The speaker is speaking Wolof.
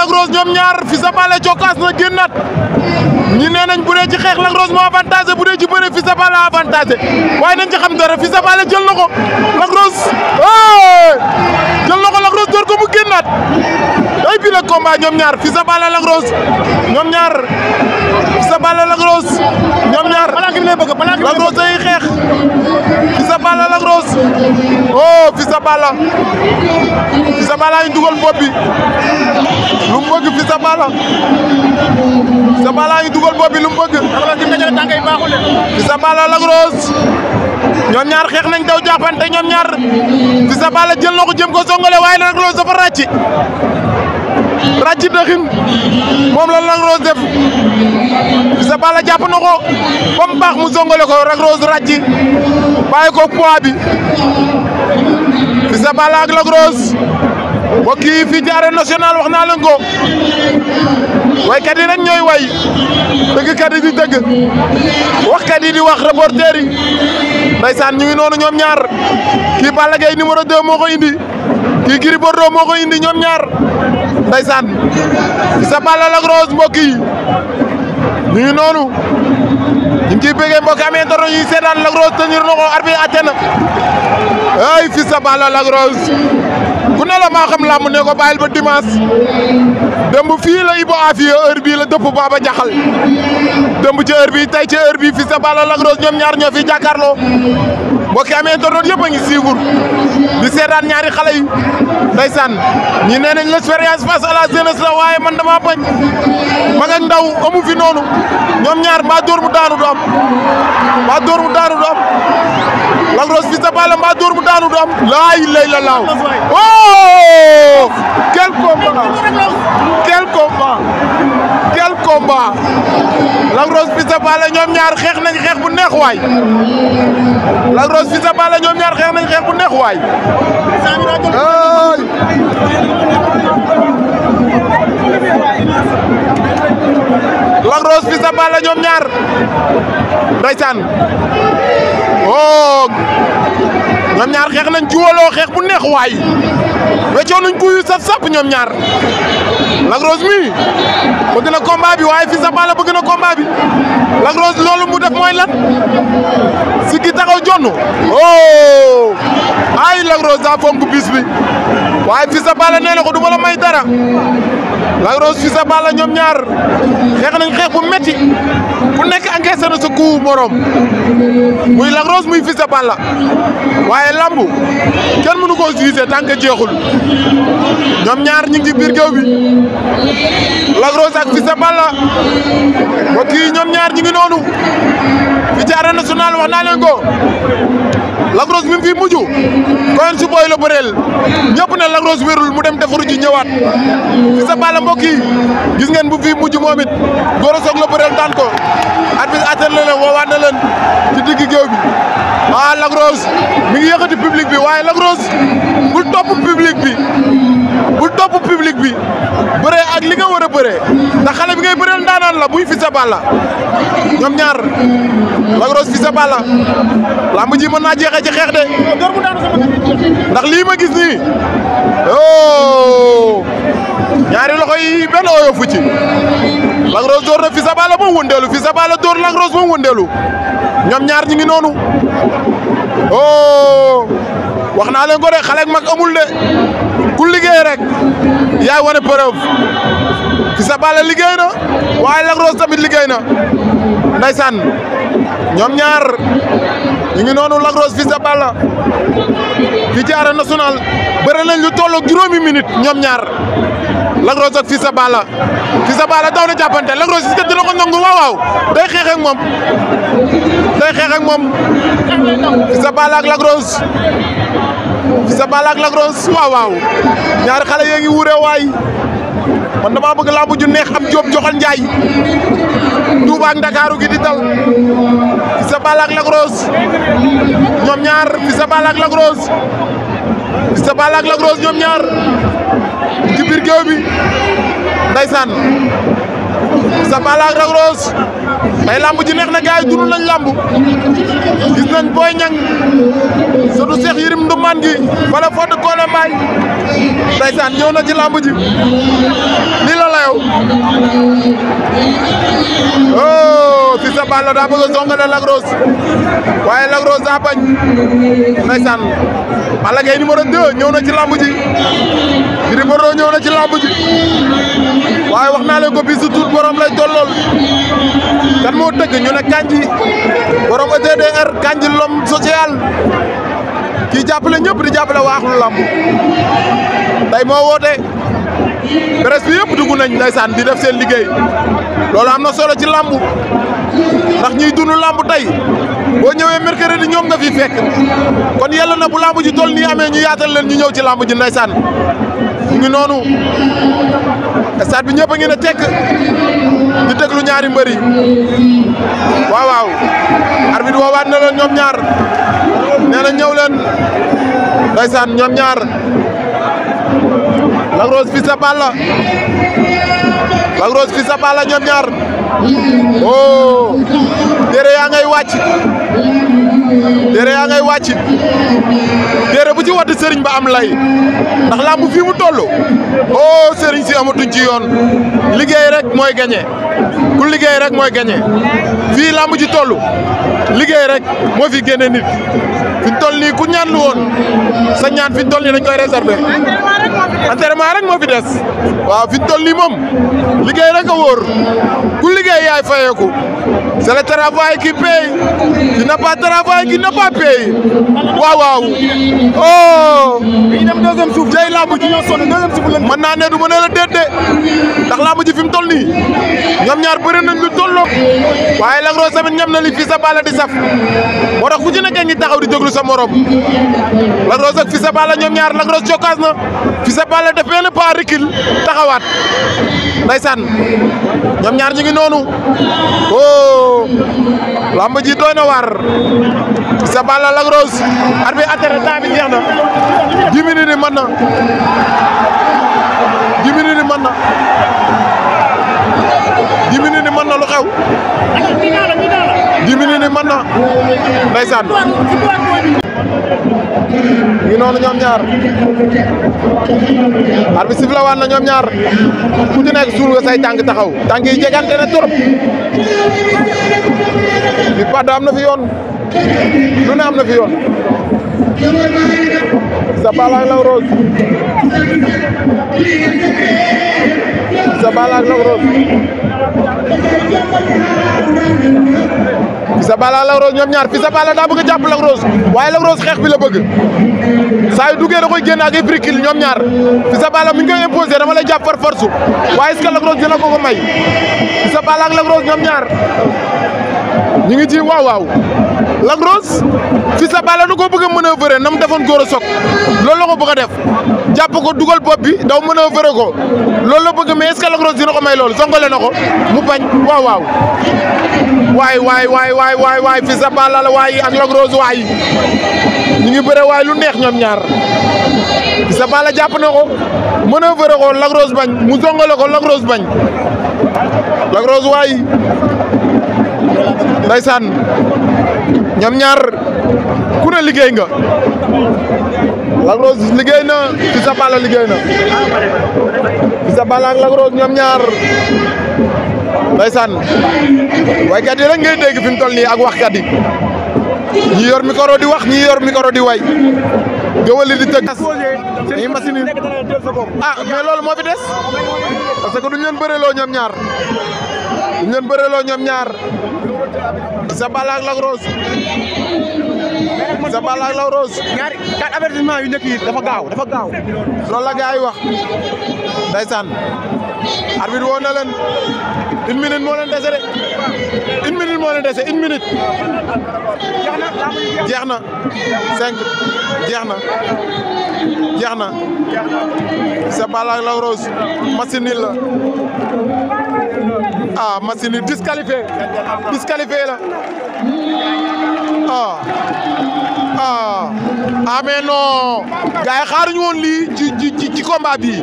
Lac Rose ñoom ñaar Fils de Balla jokkaas na génnaat ñi ne nañ bu dee ci xeex Lac Rose moo avantage bu dee ci bëre Fils de Balla avantage waaye ci xam dara Fils de Balla jël na ko Lac Rose jël ko Lac Rose door ko mu génnaat ay bi la combat ñoom ñaar Fils de ñoom ñaar Fils de ñoom ñaar Lac Rose ay xeex Balla Lac Rose oh Fils dugal bopp bi lu mu bëgg Fils de Balla bi lu mu ñaar xeex nañ daw jàppante ñoom ñaar Fils de jël na ko jëm ko songale waaye Lac Rose dafa ràcc. ràcc dëxin moom la Lac Rose def Fils de Balla jàpp na ko ba mu baax mu zongale ko Lac Rose ko poids bi Fils de Balla ak Lac Rose mbokk yi fii ci wax naa leen ko waykat yi rek ñooy way dëggkat yi di dëgg waxkat yi di wax reporter yi ndeysaan ñu ngi noonu ñoom ñaar kii Balla Gaye numéro 2 ko indi. kii Gris Bordeaux moo ko indi ñoom ñaar ndeysaan Fils ak Balla Lac Rose mbokk yi ñu ngi noonu ñu ngi ciy bëggee mbokk amee doro ñuy seetaan Lac Rose te ñu doon ko arbitre àtte na ay ku ne la maa xam ne ko bàyyil bu dimanche dëmb fii la Ibo Afia heure bii la dëpp Baba Jaxal dëmb ci heure bii tey ci heure bii Fils ak Balla Lac ñaar ñoo fi jàkkaarloo mbokki amee doon yëpp a ngi suivre di seetaan ñaari xale yu ndeysaan ñi nee nañ l'expérience face à la jeunesse la waaye man dama bañ mag ak amu fi noonu ñoom ñaar mbaa dóor mu daanu du am mbaa dóor mu daanu du am Lac Rose Fils de Balla mbaa dóor mu daanu du am laa ilaaha illallaah oh quel combat quel combat quel combat Lac Rose Fils de Balla ñoom ñaar xeex nañ xeex bu neex waay Lac Rose Fils de Balla ñoom ñaar xeex nañ xeex bu waay. Lac Rose Fils de Balla ñoom ñaar ndeysaan oh. ñoom ñaar xeex nañ juwaloo xeex bu neex waay weccoo nañ kuy saf sap ñoom ñaar Lac Rose mi bëgg na combat bi waaye Fils de Balla bëgg na combat bi Lac Rose loolu mu def mooy lan si gi taxaw jonn oh ay Lac daa fonk bis bi waaye Fils de Balla nee na ko du ma may dara Lac Rose Fils de Balla ñoom ñaar xeex nañ xeex bu metti ku nekk encaissé na sa coup morom muy Lac Rose muy Fils de Balla waaye lamb kenn mënu ko utiliser tant que jeexul ñoom ñaar ñu ngi ci bi Lac ak Fils Balla mbokk yi ñoom ñaar ñu ngi noonu. bi ci arène nationale wax naa leen ko fi mujj koyoon si booy la bëreel ñëpp ne Lac Rose mu dem defaru ji ñëwaat fi sa bala bu fi mujj moom it góor a ko arbitre attel na leen a ah, Lac Rose mi ngi yëkkati public bi waaye Lac Rose bul topp public bi bul topp public bi bëree ak li nga war a bëree ndax xale bi ngay bëreel ndaanaan la buy Fils de Balla ñoom ñaar Lac Rose Fils de Balla lamb ji mën naa jeexee ci xeex de ndax lii ma gis nii oh ñaari loxo yi benn oyofu ci Lac Rose door na Fils de Balla ba mu wëndeelu Fils de Balla door Lac Rose ba mu wëndeelu ñaar ñi noonu. oh wax naa leen ko de xale ak amul de ku liggéey rek yaay wane preuve fi sa liggéey na waaye Lac tamit liggéey na ndaysaan ñoom ñaar ñu ngi noonu Lac Rose fi sa na fi ci Arène Nationale bëri lu toll ak juróomi minute ñoom ñaar. Lac Rose ak Fils de Balla daw na jàppante Lac Rose gis dina ko day xeex ak day xeex ak moom Fils de Balla ak ñaari xale yee ngi wuure waay man na bëgg làmb ju neex ab Diop joxal Njaay Touba ak Ndakaaru gi di dal ñaar Fils de Balla ak Lac ñaar ci biir géew bi ndeysaan Sabala ak Lac Rose tey lamb ji neex na gars yi nañ lamb gis nañ Boy Niang surtout Cheikh Yérim Ndoumane gi wala Fodé Koné Mbaye ndeysaan ñëw na ci lamb ji nii la la yow oh si Sabala daa bëgg a songale Lac Rose waaye Lac Rose daa bañ ndeysaan Balla Gaye numéro 2 ñëw na ci lamb ji Gris Bordeaux na ci lamb ji waaye wax naa leen ko bisu tuut borom lay tollool kan moo tëgg ñu ne Kandji borom ETDR Kandji l'homme social kii jàppale ñëpp di jàppale waaxlu lamb tey moo woote presse bi yëpp dugg nañ ndaysaan di def seen liggéey loolu am na solo ci làmb ndax ñuy dund làmbu tey boo ñëwee mercredi ñoom nga fi fekk kon yàlla na bu làmb ji toll nii amee ñi yaatal leen ñu ñëw ci làmb ji ndaysaan mu ngi noonu stade bi ñëpp a ngi ne tekk di déglu ñaari mbëri waaw waaw arbitre woowaat na leen ñoom ñaar nee na ñëw leen ndaysaan ñoom ñaar Lac Rose Fils de Balla Lac Rose Fils de Balla ñoom ñaar oh yaa ngay wàcc téere yaa bu ci wadd sëriñ ba am lay ndax làmb fii mu toll oh sëriñ si amatuñ ci yoon liggéey rek mooy gañe ku liggéey rek mooy gañe fii làmb ji toll liggéey rek moo fi génne nit ñaan lu woon sa ñaan fi toll moo fi des waaw fi toll nii liggéey rek a ku liggéey yaay fayeeku c'est le travail qui paye qui n'a pas travail qui n'a pas paye waaw waaw oh. dañuy dem deuxième làmb ji fi mu toll nii ñoom ñaar nañ lu tolloo waaye Lac Rose tamit ñam na li Fils sa Balla di saf moo tax fu ci nekkee ngi taxaw di déglu sa morom Lac Rose sa Balla ñoom ñaar Lac Rose jokkaas na Fils sa Balla def benn pas recul ñaar ñu ngi noonu oh làmb ji doy na waar Fils sa Balla Lac Rose at bi attere na dix minutes yi mën na dix ni yi mën na dix minutes yi mën na lu xew. dix minutes noonu ñoom ñaar arbitre bi sifflé waan na ñoom ñaar ku ci nekk suul nga say tànk taxaw tànk yi jegante na trop bi paddo am na fi yoon lu ne na fi yoon Sabala ak Lac Rose Sabala ñaar fi Sabala daa bëgg a jàpp Lac Rose waaye Lac xeex bi bëgg saa yu duggee da koy génn ak ay bricil ñaar fi Sabala mi ngi koy imposé dama lay jàpp par force waaye est-ce que dina ko ko may fi Sabala ak Lac ñaar ñu ngi ci waaw waaw Lac Rose Fils de Balla da koo bëgg a manœuvrer na mu defoon góor a soog loolu la ko bëgg def jàpp ko dugal bopp bi daw manœuvrer ko loolu la bëgg mais est-ce que Lac Rose dina may loolu songale na ko mu bañ waaw waaw waay waay waay waay waay waay Fils de la waay ak Lac Rose waay ñu ngi bëre waay lu neex ñoom ñaar Fils de Balla jàpp na ko manœuvrer ko Lac Rose bañ mu songale ko Lac Rose bañ Lac waay ndaysaan ñoom ñaar ku liggéey nga Lac liggéey na Fils sa Balla liggéey na Fils de Balla ak Lac ñoom ñaar ndaysaan waykat yi rek ngay dégg fi mu toll nii ak waxkat yi ñi yor di wax ñi yor micro di way gëwëli di tëgg dañuy machine yi ah mais loolu moo fi des parce que duñ leen loo ñoom ñaar ñu leen bëreloo ñoom ñaar Sa Balla ak Lac Rose Sa Balla ak Lac Rose ñaari quatre avertissement yu njëkk yi dafa gaaw dafa gaaw loolu la gars yi wax ndeysaan arbitre woo na leen une minute moo leen dese de une minute moo leen dese une minute jeex na cinq jeex na jeex na Sa Balla ak Lac Rose machine la ah match nul disqualifié disqualifié la ah ah ah mais non gars yi xaaruñu woon lii ci ci ci combat bi